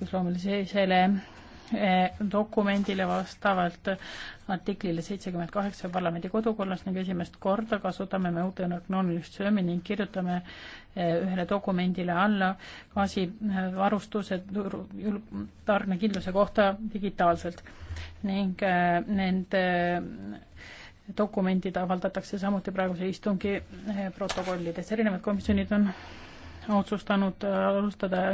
õigusloomelisele eh, dokumendile vastavalt artiklile seitsekümmend kaheksa parlamendi kodukorras ning nagu esimest korda kasutame me uut ökonoomilist söömi ning kirjutame eh, ühele dokumendile alla gaasivarustuse eh, tarnekindluse kohta digitaalselt ning nende dokumendid avaldatakse samuti praeguse istungi protokollides. erinevad komisjonid on otsustanud alustada